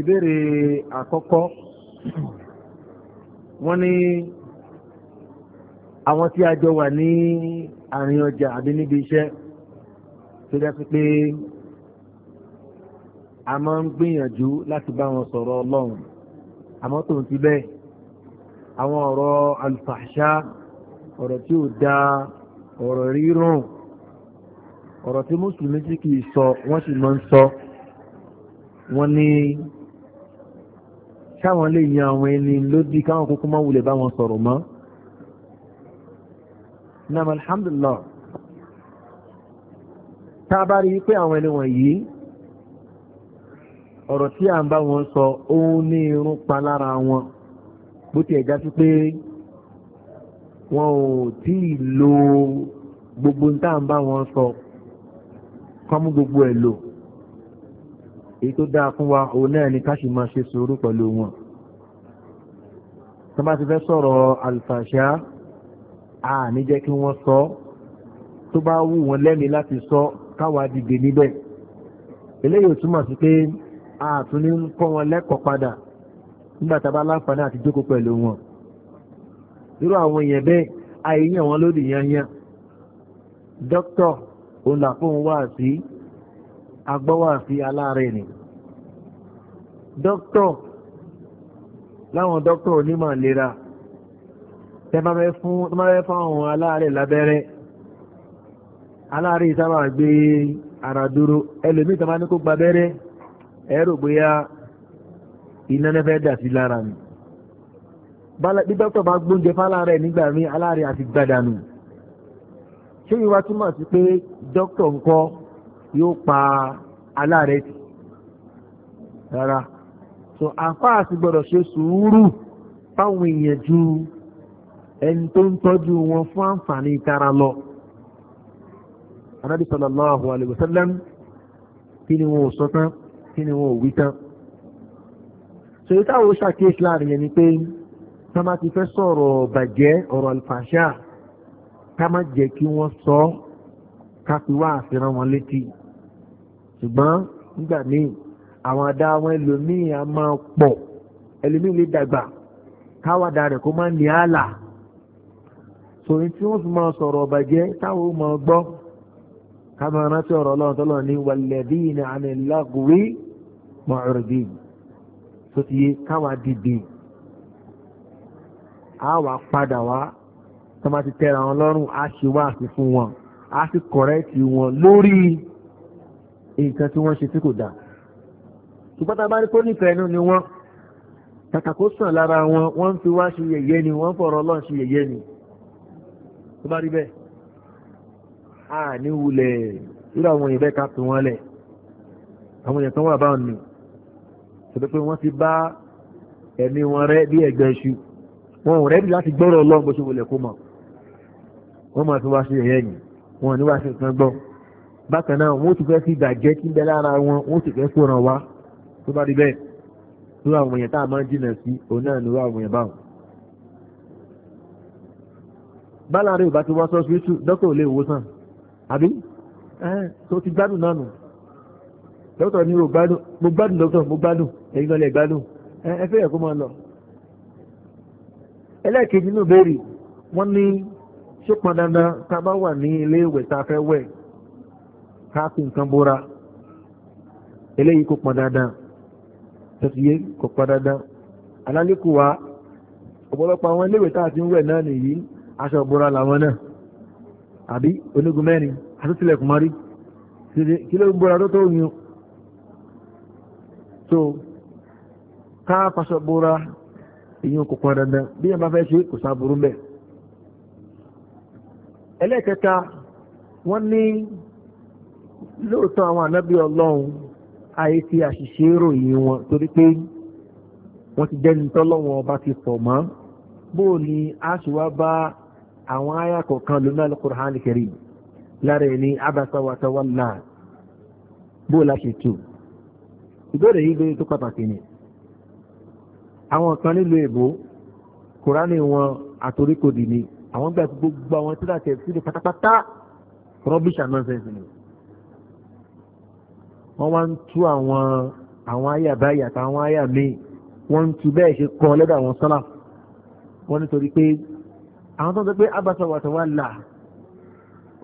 ìbéèrè àkọ́kọ́ wọ́n ní àwọn tí a jọ wà ní àárín ọjà àbí níbi iṣẹ́ tó dẹ́sí pé a máa ń gbìyànjú láti bá wọn sọ̀rọ̀ ọlọ́run àmọ́ tó ń ti bẹ́ẹ̀ àwọn ọ̀rọ̀ alfàṣá ọ̀rọ̀ tí ò da ọ̀rọ̀ rírùn ọ̀rọ̀ tí mùsùlùmí sì kì í sọ wọ́n sì máa ń sọ wọ́n ní káwọn lè yan àwọn ẹni lódí káwọn kúkú máa wulẹ̀ bá wọn sọ̀rọ̀ mọ́ nam alhamdulillah tá a bá rí pé àwọn ẹni wọ̀nyí ọ̀rọ̀ tí à ń bá wọn sọ òun ní irun pa lára wọn bó tiẹ̀ já sí pé wọn ò tí ì lo gbogbo ń tá à ń bá wọn sọ kọ́mú gbogbo ẹ̀ lò èyí tó dáa fún wa òun náà ni ká sì máa ṣe sùúrù pẹ̀lú wọn tó bá ti fẹ́ sọ̀rọ̀ àlùfàṣà a ní jẹ́ kí wọ́n sọ tó bá wù wọ́n lẹ́mìí láti sọ káwa dìde níbẹ̀ eléyìí túmọ̀ sí pé a tún kọ́ wọn lẹ́kọ̀ọ́ padà nígbà tá a bá láǹfààní àti jókòó pẹ̀lú wọn irú àwọn èèyàn bẹ́ẹ̀ àìyàn wọn lódì yanyan dókítọ̀ òun làpọ̀ òun wá sí agbọ́wàsí aláàrẹ̀ ni dókítọ̀ láwọn dókítọ̀ onímọ̀ ìlera tẹ́bàbẹ́ fún àwọn aláàrẹ̀ lábẹ́rẹ́ aláàrẹ̀ sábà gbé ara dúró ẹlòmí tàbá ní kó gbabẹ́rẹ́ ẹ̀rọ gbéyà iná nẹ́fẹ́ dà sí lára mi bí dókítọ̀ bá gbóúnjẹ fáláàrẹ̀ nígbà mí aláàrẹ̀ àti gbàdànù ṣé ìwà túmọ̀ sí pé dókítọ̀ ń kọ́ yóò pa aláàrẹ̀ tì rárá so àfáà sì gbọ́dọ̀ ṣe sùúrù fáwọn èèyàn ju ẹni tó ń tọ́jú wọn fún àǹfààní ìtara lọ anábì sallallahu alaihi wasallam kí ni wọn ò sọ tán kí ni wọn ò wí tán so yìí táwọn ṣàkíyèsí láàrin yẹn ni pé tá má ti fẹ́ sọ̀rọ̀ bàjẹ́ ọ̀rọ̀ àlùfàṣà ká má jẹ́ kí wọ́n sọ ká fi wá àfihàn wọn létí ṣùgbọ́n nígbà míì àwọn adá wọn ẹlòmíì a máa pọ̀ ẹlòmíì lè dàgbà káwàdà rẹ̀ kó má ní àlà sòrí tí wọ́n fi máa sọ̀rọ̀ ọ̀bàjẹ́ táwọn ó máa gbọ́ ká máa ọ̀rọ̀ ọlọ́run tọ́lọ́ ní walladhina anil lagwi mu'ridin tó yé káwa dìde wà padà wá tó ti tẹ́ra wọn lọ́rùn á ṣe wá sí wọn á sì kọ̀rẹ́ẹ̀tì wọn lórí nǹkan tí wọ́n ṣe tí kò dáa ṣùgbọ́n tá a bá rí kóníkà ẹnu ni wọ́n kàkàkó sàn lára wọn wọ́n ń fi wá ṣe yẹ̀yẹ́ ni wọ́n fọ̀rọ̀ ọlọ́run ṣe yẹ̀yẹ́ ni tó bá rí bẹ́ẹ̀ a ní wulẹ̀ irú àwọn èèyàn bẹ́ẹ̀ ká fi wọ́n lẹ̀ àwọn èèyàn kan wà báwọn ni ṣùgbọ́n pé wọ́n ti bá ẹ̀mí wọn rẹ́ bí ẹ̀gbẹ́ iṣu wọn ò rẹ́bí láti gbọ́rọ̀ ọlọ́run bó ṣe wulẹ̀ kó mọ̀ wọ́n máa fi wá ṣe yẹ̀yẹ́ ni wọn ò ní wá ṣe nǹkan gbọ́n bákan náà wọ́n ti fẹ́ fi ìbàjẹ́ tí ń bẹ lára wọn wọ́n sì fẹ́ fòràn wá tó bá rí bẹ́ẹ̀ tó àwọn èèyàn tá a máa ń jìnà sí òun náà nírú àwọn èèyàn báwọn. bálàrí ò bá ti wá sọ́sibítù dókítà ò lè wòsàn àbí tó ti gbádùn náà nù dókítà ní mo gbádùn mo gbádùn dókítà mo gbádùn ẹ̀yin lọ́lẹ̀ gbádùn ẹ fẹ́ yẹ kó máa lọ. ẹlẹ́ẹ̀kejì nínú ìbéèrè wọ́n ní ṣó pọn dandan tá a bá wà ní ilé ìwẹ̀ tá a fẹ́ wẹ̀ káàkì nǹkan bóra eléyìí kò pọn dandan tẹ̀síyé kò pọn dandan alálẹ́kù wa ọ̀pọ̀lọpọ̀ àwọn iléèwé tá a ti ń wẹ̀ náà nìyí aṣọ ìbora làwọn náà àbí onígun mẹ́rin àtúntìlẹ̀kùn mọ́rí kí ló ń bora tó tó yun so ká faṣọ bora èyàn kò pọn dandan bí yẹn bá fẹ́ ṣe kò sáà mbẹ́ ẹlẹ́ẹ̀kẹta wọ́n ní lóòótọ́ àwọn ànábì ọlọ́run ayé fi àṣìṣe ròyìn wọn torí pé wọ́n ti jẹ́ni tọ́lọ́wọ́n ọba ti pọ̀ mọ́ bóò ni a ṣe wá bá àwọn àyà kọ̀ọ̀kan lónà al-Qur'an al lára ẹni abasa wa tawalla bóò la ṣe tù ìbéèrè yìí lóye tó pàtàkì ni àwọn kan nílò èbó kùránì wọn àtòríkòdì ni àwọn gbà gbogbo àwọn tí láti ẹ̀ sílẹ̀ pátápátá rubbish and nonsense ni wọ́n wá ń tú àwọn àwọn àyà báyà àtàwọn àyà míì wọ́n ń tú bẹ́ẹ̀ ṣe kọ́ lọ́dọ̀ àwọn sọ́là wọ́n nítorí pé àwọn tó ń sọ pé abasa wàtàwà là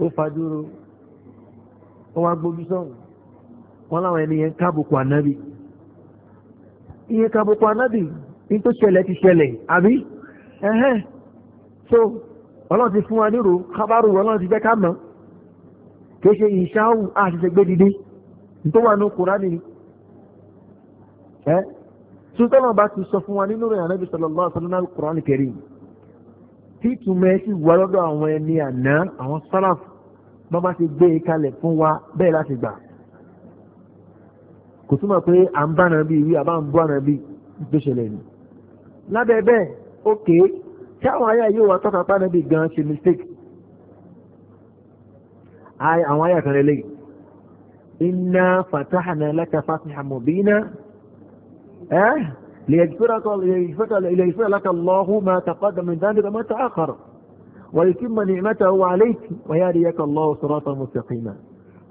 ó fadúró wọ́n wá gbójú sọ́hùn wọ́n láwọn ẹni yẹn kábùkù ànábì ìyẹn kábùkù ànábì ní tó ṣẹlẹ̀ ti ṣẹlẹ̀ àbí ẹ̀hẹ́n so ọlọ́run ti fún wa nírò kábàrù ọlọ́run ti jẹ́ ká mọ̀ kì í ṣe ìṣáhùn dìde tó wà ní kùránì ẹ́ tí tọ́lọ̀ bá ti sọ fún wa nínú rẹ̀ ànábì sallallahu alaihi wasallam kùránì karim tí ìtumọ̀ ẹ̀ sì wà lọ́dọ̀ àwọn ẹni àná àwọn sálàf bá bá ti gbé e kalẹ̀ fún wa bẹ́ẹ̀ láti gbà kò túmọ̀ pé à ń bá nàbí ìwé àbá ń bọ́ nàbí tó ṣẹlẹ̀ ni lábẹ́ bẹ́ẹ̀ ó kéé ayé yóò wá tọ́ka pánàbí gan ṣe mistake àwọn ayé àkànlẹ̀ lẹ́yìn إنا فتحنا لك فتحا مبينا أه ليغفرك ليغفر لك الله ما تقدم من ذنبك ما تأخر ويتم نعمته عليك ويهديك الله صراطا مستقيما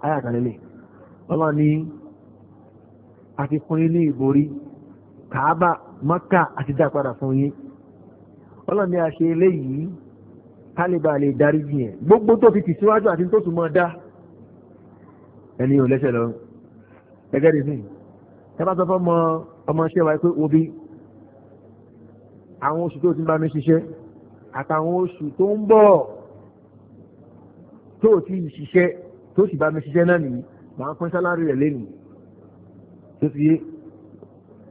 آيات على ليه والله ني àti fún yín ní ìborí kàábà mọ́kà àti dápadà fún yín ọlọ́run ni a ṣe eléyìí kálíbà lè darí yìí ẹ̀ gbogbo tó ẹni ò lẹ́sẹ̀ lọ gẹ́gẹ́ ní sìn tẹ́bá sọ fọ́mọ ọmọ iṣẹ́ wa pé obi àwọn oṣù tó ti bá mi ṣiṣẹ́ àtàwọn oṣù tó ń bọ̀ tó ti ṣiṣẹ́ tó sì bá mi ṣiṣẹ́ náà nìyí màá pín sálárì rẹ̀ lẹ́nu tó ti yé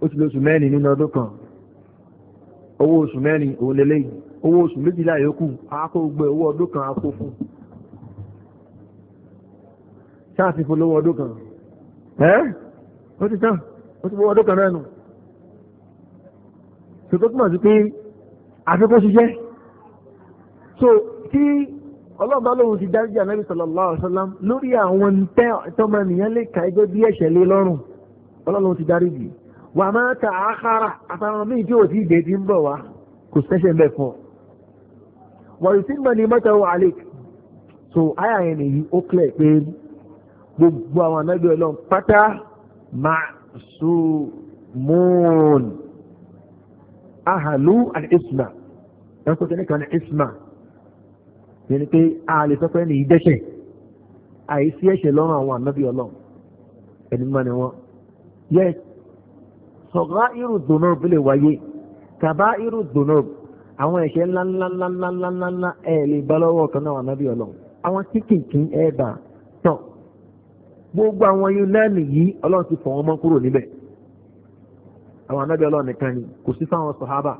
ó ti lóṣù mẹ́rin nínú ọdún kan owó oṣù mẹ́rin òun lélẹ́yìn owó oṣù méjìlá yòókù àákó gbẹ owó ọdún kan àákó fún un ṣáà ti polówó ọdún kan ẹ́ ó ti tán ó ti polówó ọdún kan náà nù ṣòtó túmọ̀ sí pé àfikún ṣiṣẹ́ so tí ọlọ́ọ̀bá lòun ti dáríjà Ànábì sallallahu alaihi wasallam lórí àwọn tẹ́ tọ́mọ nìyẹn lè ka ẹgbẹ́ bí ẹ̀ṣẹ̀ lé lọ́rùn ọlọ́run ti dáríjì wà máa ta àkàrà àtàwọn míì tí ò sí ìdè tí ń bọ̀ wá kò sẹ́ṣẹ̀ ń bẹ̀ fún ọ. wọ̀nyí sí mọ̀ ní mọ́tò wà so àyà yẹn nìyí ó clear pé gbogbo àwọn anábì ọlọ́run pátá ma'sumun ahalu al-isma ẹ̀kọ́ tẹ́lẹ̀ kan isma yẹn ni pé a lè sọ pé ní ìdẹ́ṣẹ̀ àìsí ẹ̀ṣẹ̀ lọ́rùn àwọn anábì ọlọ́run ẹni mọ́ ni wọ́n yẹ sọ̀rọ̀ irú dùnú bílẹ̀ wáyé kàbá irú dùnú àwọn ẹ̀ṣẹ̀ ńláńláńláńláńláńlá ẹ̀ lè bá lọ́wọ́ kan náà anábì ọlọ́run àwọn kíkìkì ẹ̀ bá gbogbo àwọn yunani yìí ọlọ́run ti fọ̀ wọ́n mọ́ kúrò níbẹ̀ àwọn anábì ọlọ́run nìkan ni kò sí fáwọn sọ̀hábà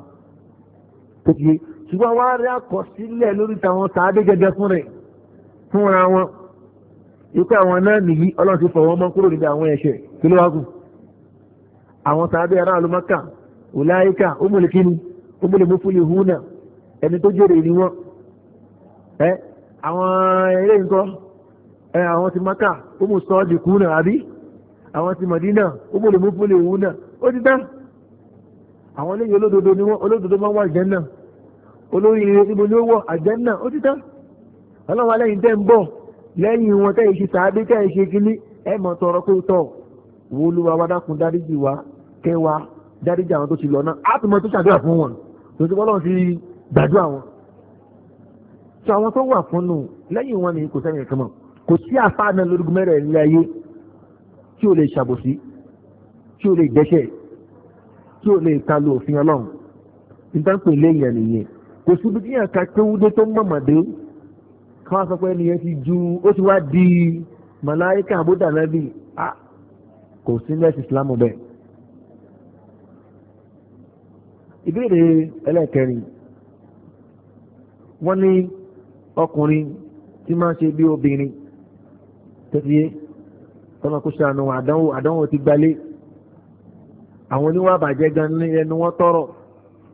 tó ti yé ṣùgbọ́n wọ́n á rí àkọsílẹ̀ lórí tàwọn sàádé gẹ́gẹ́ fún rẹ̀ fúnra wọn ikú àwọn náà nìyí ọlọ́run ti fọ̀ wọ́n mọ́ kúrò níbi àwọn ẹ̀ṣẹ̀ kí ló wá kù àwọn sàádé ará alùmọ́kà ọ̀láyíkà ọmọlẹ́kíni ẹni tó jèrè ni wọ́n ẹ ẹ àwọn ti maka ó mú sọ ọ́ di kú náà àbí àwọn ti mọ̀dínà ó mú lè mú fún lè wú náà ó ti tán àwọn eléyìí olódodo ni wọn olódodo máa ń wá àjẹ́nà olórí ibo ni ó wọ àjẹ́nà ó ti tán ọlọ́run alẹ́yìn tẹ́ ń bọ̀ lẹ́yìn wọn tẹ́ ìṣe tàbí tẹ́ ìṣe kíní ẹ mọ̀ tọrọ pé tọ̀ wo olúwa wa dákun dáríjì wa kẹwa dáríjì àwọn tó ti lọ náà á tún mọ tó ṣàdúrà fún wọn lójú bọ́lọ́run ti gbàdúrà wọn. sọ àwọn tó wà fún nù lẹ́yìn wọn ni kò sẹ́yìn kan mọ̀ kò sí àfáàná lórúkọ mẹ́rẹ̀ ilé ayé tí ó lè ṣàbòsí tí ó lè dẹ́ṣẹ̀ tí ó lè talo òfin ọlọ́run ìtànpè léèyàn nìyẹn kò síbi tí yàn ká kéwúdé tó mọ̀mọ̀dé kí wọ́n sọ pé ẹnìyẹn ti ju ó ti wá di màláíkà àbúdà nábì kò sí lẹ́sìn islam bẹ́ẹ̀. ìbéèrè ẹlẹ́kẹrin wọ́n ní ọkùnrin tí máa ń ṣe bí obìnrin tó fi yé tọ́lọ́ kó ṣàánú àdánwò àdánwò ti gbalé àwọn oníwà bàjẹ́ gan ní ẹnu wọn tọrọ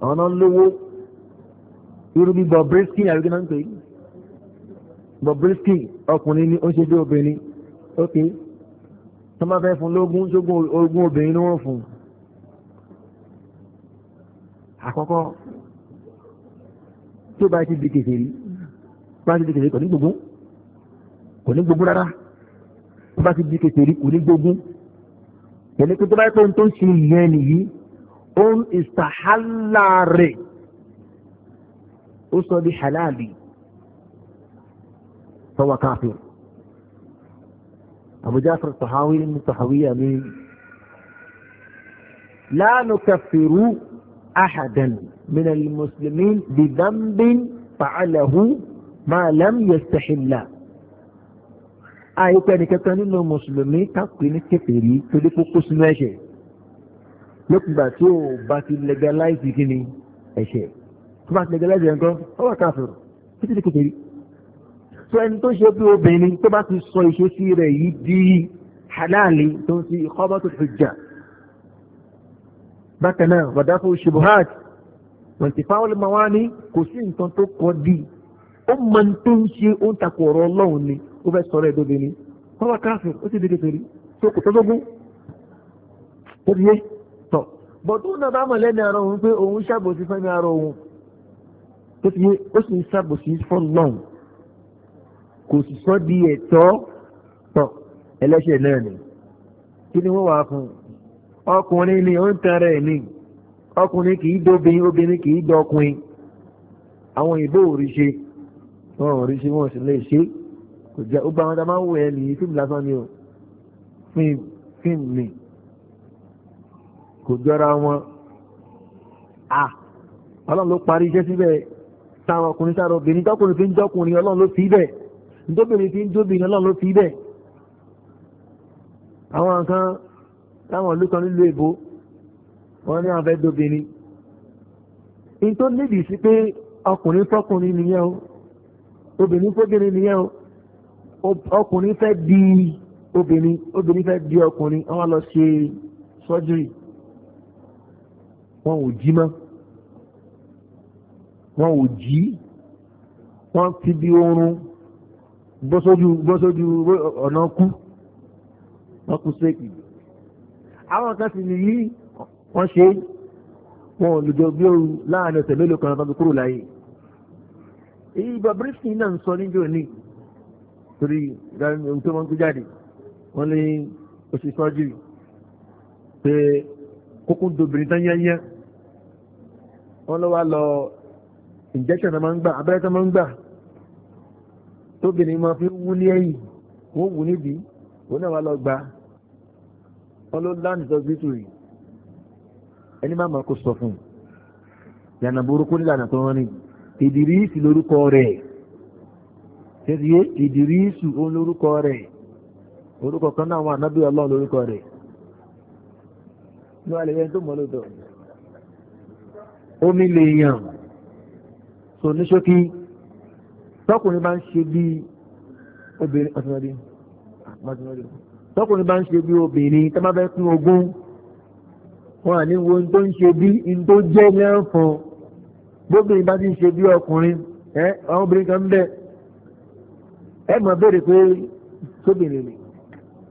àwọn náà lówó irú bí Bobrisky àbíkí náà ń pè é Bobrisky ọkùnrin ni ó ṣe bí obìnrin ok tó máa fẹ́ fún lógún ṣógún ogún obìnrin ni wọ́n fún àkọ́kọ́ tó bá ti di kèfèrí bá ti di kèfèrí kò ní gbogbo kò ní gbogbo rárá. tó bá ti di kékeré kò ní jogún pẹ̀lú pé tó bá yẹ kó tó ń ṣe ìyẹn nìyí ó ń ìsàhálà rẹ̀ ó sọ di halali fọwọ́ káfíìn àbújá Ja'far tọ̀háwí ní tọ̀háwí àmì la nukaffiru ahadan min al-muslimin bi dhanbin fa'alahu ma lam yastahilla. àìpẹ́ nìkẹ́kẹ́ nínú mùsùlùmí kápẹ́ ní kèfèrí tó dé kókó sínú ẹ̀ṣẹ̀ lókùngbà tí ó bá ti legalize kí ni ẹ̀ṣẹ̀ tó bá ti legalize ẹ̀ ń gan ó wà káfíìrù títí di kèfèrí tó ẹni tó ṣe bí obìnrin tó bá ti sọ ìṣesí rẹ̀ yìí di halali tó ń fi ìkọ́bọ́ tó fi jà bákan náà wàdáfò ṣubuhat wọ̀ntìfáwọ́lì máa wá ní kò sí nǹkan tó kọ́ di ó mọ tó ń ṣe ó ń takò ọ̀rọ̀ ọlọ́run ni ó fẹ́ sọ̀rọ̀ ẹ̀dọ́ bẹ̀rẹ̀ tọ́wọ́ káàfin ó sì dédé pẹ̀lú tó kò tọ́gbọ́gbọ́n ó di yé tọ̀ bọ̀tú náà bá mọ̀ lẹ́nu ara òun pé òun ṣàbòsí fẹ́mi ara òun tó ti yé ó sì ń ṣàbòsí fún náà kò sì sọ di ẹ̀tọ́ tọ̀ ẹlẹ́ṣẹ̀ náà ni kí ni wọ́n wà fún ọkùnrin ni ó ń tara ní ọkùnrin kì í dóbin obìnrin kì í dọkùnrin àwọn ìbò òrìṣe wọn òrìṣe wọn sì lè ṣe é kò jẹ́ ó gba àwọn tá a máa fíìmù lásán ni o fíìmù ni kò jọra wọn a ọlọ́run ló parí iṣẹ́ síbẹ̀ táwọn ọkùnrin sára obìnrin tọkùnrin fi ń jọkùnrin ọlọ́run ló fi bẹ̀ ndóbìnrin fi ń jóbìnrin ọlọ́run ló fi bẹ̀ àwọn nǹkan táwọn ìlú kan nílùú èbó wọn ní àwọn fẹ́ dóbìnrin ní tó nídìí sí pé ọkùnrin fọkùnrin nìyẹn o obìnrin fóbìnrin nìyẹn o ọkùnrin fẹ́ di obìnrin obìnrin fẹ́ di ọkùnrin wọ́n lọ ṣe sọ́jírì wọn ò jí mọ́ wọn ò jí wọ́n ti di oorun bọ́sójú bọ́sójú ọ̀nà kú wọ́n kú séèkì àwọn kan sì nìyí wọ́n ṣe wọn ò lùjọ bí ooru láàrin ọ̀sẹ̀ mélòó kan lọ́dún kúrò láyé ìgbà bírísì náà ń sọ níjọ́ ní torí ohun tó máa ń gbé jáde wọ́n ní oṣù sọ́jírì pé kókó dobìnrin tán yányá wọ́n lọ́wọ́ lọ injection náà máa ń gbà abẹ́rẹ́ tó máa ń gbà tóbìnrin máa fi wú ní ẹ̀yìn wọ́n wù níbi wọ́n náà wá lọ gbà wọ́n ló láǹdì sọ gbé tòrì ẹni máa máa kó sọ fún un yànnà burúkú nílànà tó wọ́n ní ìdìrí ìsìlórúkọ rẹ̀ tẹ́tíyé ìdìrísù olórúkọ rẹ̀ orúkọ kan náà wọn ànábì ọlọ́run lórúkọ rẹ̀ ní wàá lè yẹn tó mọ́ lọ́dọ̀ omi lè yàn tò ní ṣókí tọkùnrin bá ń ṣe bí obìnrin ọ̀túnmọ́dé tọkùnrin bá ń ṣe bí obìnrin tó máa fẹ́ pín ogún wọn àní wo ní tó ń ṣe bí ní tó jẹ́ ní ẹ̀fọn bóbìnrin bá ti ń ṣe bí ọkùnrin ẹ àwọn obìnrin kan ń bẹ́ẹ̀ ẹ mọ̀ béèrè pé sóbìnrin ni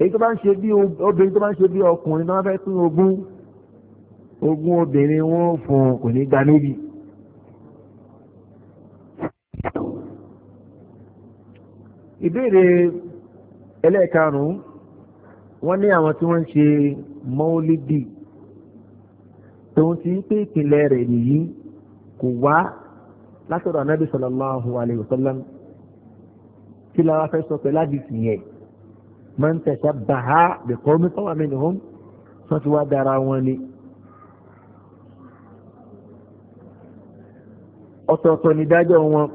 èyí tó bá ń ṣe bí obìnrin tó bá ń ṣe bí ọkùnrin náà fẹ́ pín ogún ogún obìnrin wọn fún kò ní gba méjì. ìbéèrè ẹlẹ́ẹ̀karùn-ún wọ́n ní àwọn tí wọ́n ń ṣe mọ́ọ́lídì tòun ti ń pé ìpìlẹ̀ rẹ̀ nìyí kò wá látọ̀dọ̀ anábì sallallahu alaihi wasallam kí la wá fẹ́ sọ pẹ̀lú àdìsí yẹn máa ń tẹ̀sẹ̀ bàá bẹ̀kọ́ mi fọwọ́ mi nìhun wọ́n ti wá dára wọn ni. ọ̀tọ̀ọ̀tọ̀ nídájọ́ wọn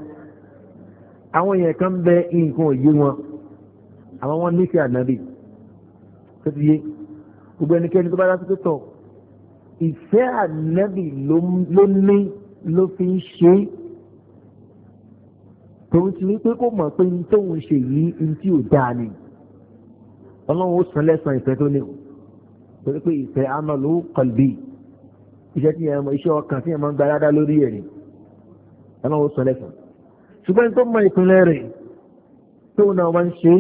àwọn èèyàn kan bẹ nǹkan òye wọn àwọn wọn nífẹ̀ẹ́ ànábì tó ti yé gbogbo ẹnikẹ́ni tó bá dá tó tọ̀ ìfẹ́ ànábì ló ní ló fi ń ṣe é tòun ti wípé kó mọ̀ pé ní tóun ṣe yìí ní tí ò dáa ni ọlọ́run ó san lẹ́sàn ìfẹ́ tó ní torí pé ìfẹ́ amalu qalbi iṣẹ́ tí yẹn iṣẹ́ ọkàn tí yẹn máa ń gbaradá lórí ẹ̀ ni ọlọ́run ó san lẹ́sàn ṣùgbọ́n tó mọ ìpínlẹ̀ rẹ̀ tóun náà wá ń ṣe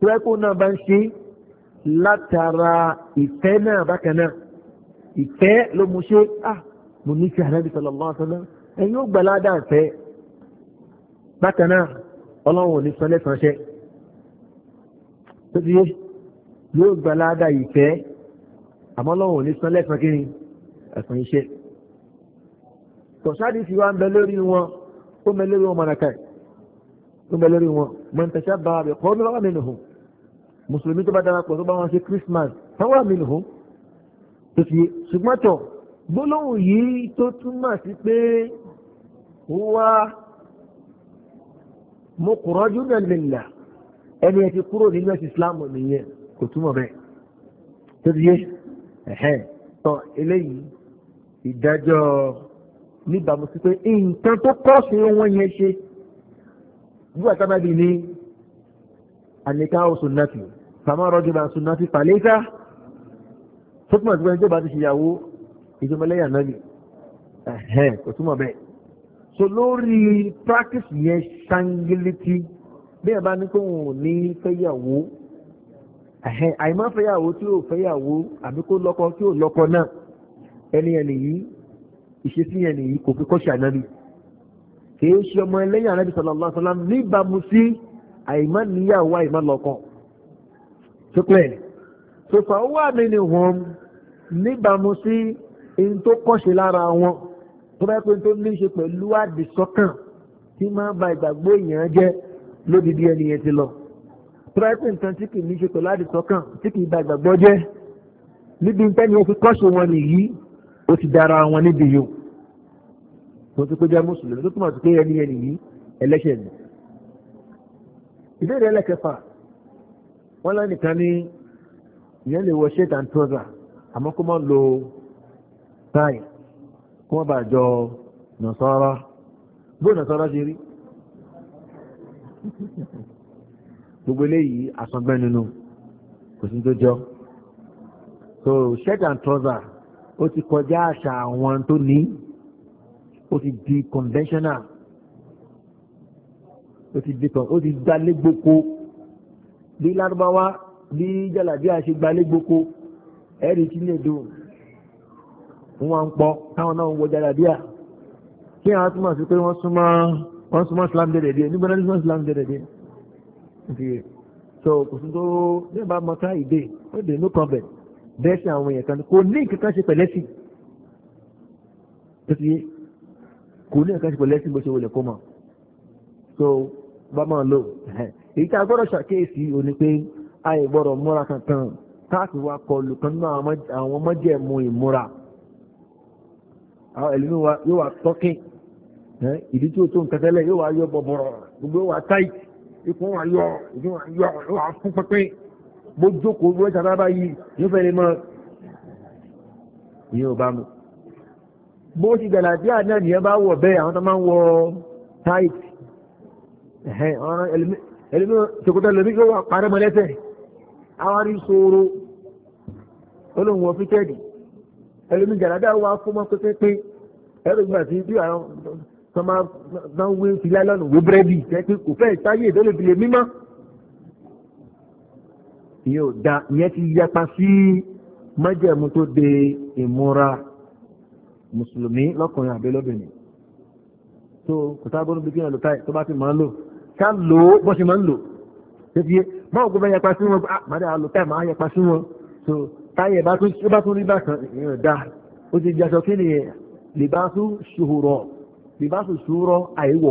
tó ẹ́ kó náà bá ń ṣe látara ìfẹ́ náà bákan náà ìfẹ́ ló mú ṣe ah mo ní ti àrẹ́bí sallallahu alaihi bákan náà ọlọ́run ò ní sọ lẹ́sànṣẹ́ tó ti yé yóò gba ládàá ìfẹ́ àmọ́ ọlọ́run ò ní sọ lẹ́sàn kí ni ẹ̀sán iṣẹ́ tọ̀sáàdì sì wá ń bẹ lórí wọn ó mẹ lórí wọn mọ̀nàkà ó mẹ lórí wọn mọ̀ntàṣà bá a bẹ̀ kọ́ mi wá mi nù hùn mùsùlùmí tó bá darapọ̀ tó bá wọn ṣe Christmas táwọn mi nù tó ti ṣùgbọ́n tọ̀ gbólóhùn yìí tó túmọ̀ sí pé ó wá mukrajun minna ẹni ẹ ti kúrò nínú ẹ̀sìn islam nìyẹn kò túmọ̀ bẹ́ẹ̀ tó ti yé ẹ̀hẹ́n tọ́ eléyìí ìdájọ́ níbàámu sí pé nǹkan tó kọ́ sí wọn yẹn ṣe nígbà tábàbí ní àníká oṣù nàfì fàmọ́rọ́ jùlọ oṣù nàfì pàlẹ́ká tó túmọ̀ sí pé ẹni tó bá ti ṣèyàwó ìjọba lẹ́yìn ànábì kò túmọ̀ bẹ́ẹ̀ so lórí practice yẹn ṣangiliti bẹ́ẹ̀ bá ní pé òun ò ní fẹ́yàwó àìmọ́ fẹ́yàwó tí ò fẹ́yàwó àbí kó lọ́kọ tí ò lọ́kọ náà ẹni ẹni yìí ìṣesí yẹn nìyí kò fi kọ́ṣẹ́ ànábì kìí ṣe ọmọ ẹlẹ́yìn ànábì sallallahu alaihi wasallam níbàámu sí àìmọ́ níyàwó àìmọ́ lọ́kọ tó pẹ́ so fàwọn wà mí ni wọ́n níbàámu sí ẹni tó kọ́ṣẹ́ lára wọn tó bá pé tó ní í ṣe pẹ̀lú àdìsọ́kàn tí máa ba ìgbàgbọ́ èèyàn jẹ́ lódìdí ẹni yẹn ti lọ tó bá pé nǹkan tí kì í ṣe pẹ̀lú àdìsọ́kàn tí kì í ba ìgbàgbọ́ jẹ́ níbi nǹkan yẹn fi kọ́ṣù wọn nìyí ó ti dára wọn níbi yòó tó ti pé jẹ́ mùsùlùmí tó túmọ̀ sí pé ẹni yẹn nìyí ẹlẹ́ṣẹ̀ ni ìbéèrè ẹlẹ́kẹfà wọ́n lẹ́nìkan ní ìyẹn lè wọ ṣẹ́ẹ̀tì and trouser àmọ́ kó má lo báyìí wọ́n bá jọ nàṣọ́rọ́ bó nàṣọ́rọ́ ṣe rí gbogbo eléyìí àsangbẹ́ nínú kò sí tó jọ so shirt and trouser ó ti kọjá àṣà àwọn tó ní ó ti di conventional ó ti di ó ti gbalé gboko bí lárúbáwá bí jàlàbí àṣegbálé gboko ẹ̀rí tí lè dùn wọ́n ń pọ́ táwọn náà ń wọ jàdàbíà kí àwọn túmọ̀ sí pé wọ́n súnmọ́ wọ́n súnmọ́ Islam dédé díẹ̀ nígbà náà súnmọ́ Islam dédé díẹ̀ nfìyẹ so kò sí tó ní ìbá mọ́tà ìdè ó dé no problem bẹ́ẹ̀ sí àwọn èèyàn kan kò ní nǹkan ṣe pẹ̀lẹ́sì tó ti yé kò ní nǹkan ṣe pẹ̀lẹ́sì bó ṣe wọlé kó mọ̀ so bá máa lò èyí tá a gbọ́dọ̀ ṣàkíyèsí o ní pé àìgbọ́dọ̀ múra kankan káàkiri wa kọlù kan náà àwọn mọ́jẹ̀mú ìmúra àwọn ẹlòmíì wa yóò wá tọ́kìn ìdí tí ó tó nǹkan tẹ́lẹ̀ yóò wá yọ bọ̀bọ̀rọ̀ gbogbo wa táì ikùn wa yọ ìdí wa yọ yóò wá fún pínpín bó jókòó bó ṣàtà bá yìí yóò fẹ́ lè mọ ìyẹn ò bá mu bó ti gbàlà bí àná nìyẹn bá wọ̀ bẹ́ẹ̀ àwọn tó máa ń wọ táì ẹlòmíì ṣòkòtò ẹlòmíì yóò wá parẹ́ mọ́ lẹ́sẹ̀ àwọn arí sòrò olóhùn ọ̀fíṣẹ́ẹ̀dì ẹlòmí jàdádá wa fún mọ́ pé pé ẹ̀rọ ìgbà tí bí àwọn tó máa ń wé filá lọ́nà wé búrẹ́dì jẹ́ pé kò fẹ́ ìtayé ìdólòbí lè mímọ́ ìyẹn ò da ìyẹn ti yapa sí májẹ̀mú tó de ìmúra mùsùlùmí lọ́kùnrin àbí lóbìnrin tó kò sábà ń bí kí ẹ̀ lò táì tó bá ti máa ń lò ká lò ó bó ṣe máa ń lò ṣe fi máa ń gbọ́ bá yapa sí wọn ah, táyẹ̀ bá tún rí bákan ìyẹn dá ó ti jẹ́ aṣọ kí ni lè bá tún ṣòro àìwọ̀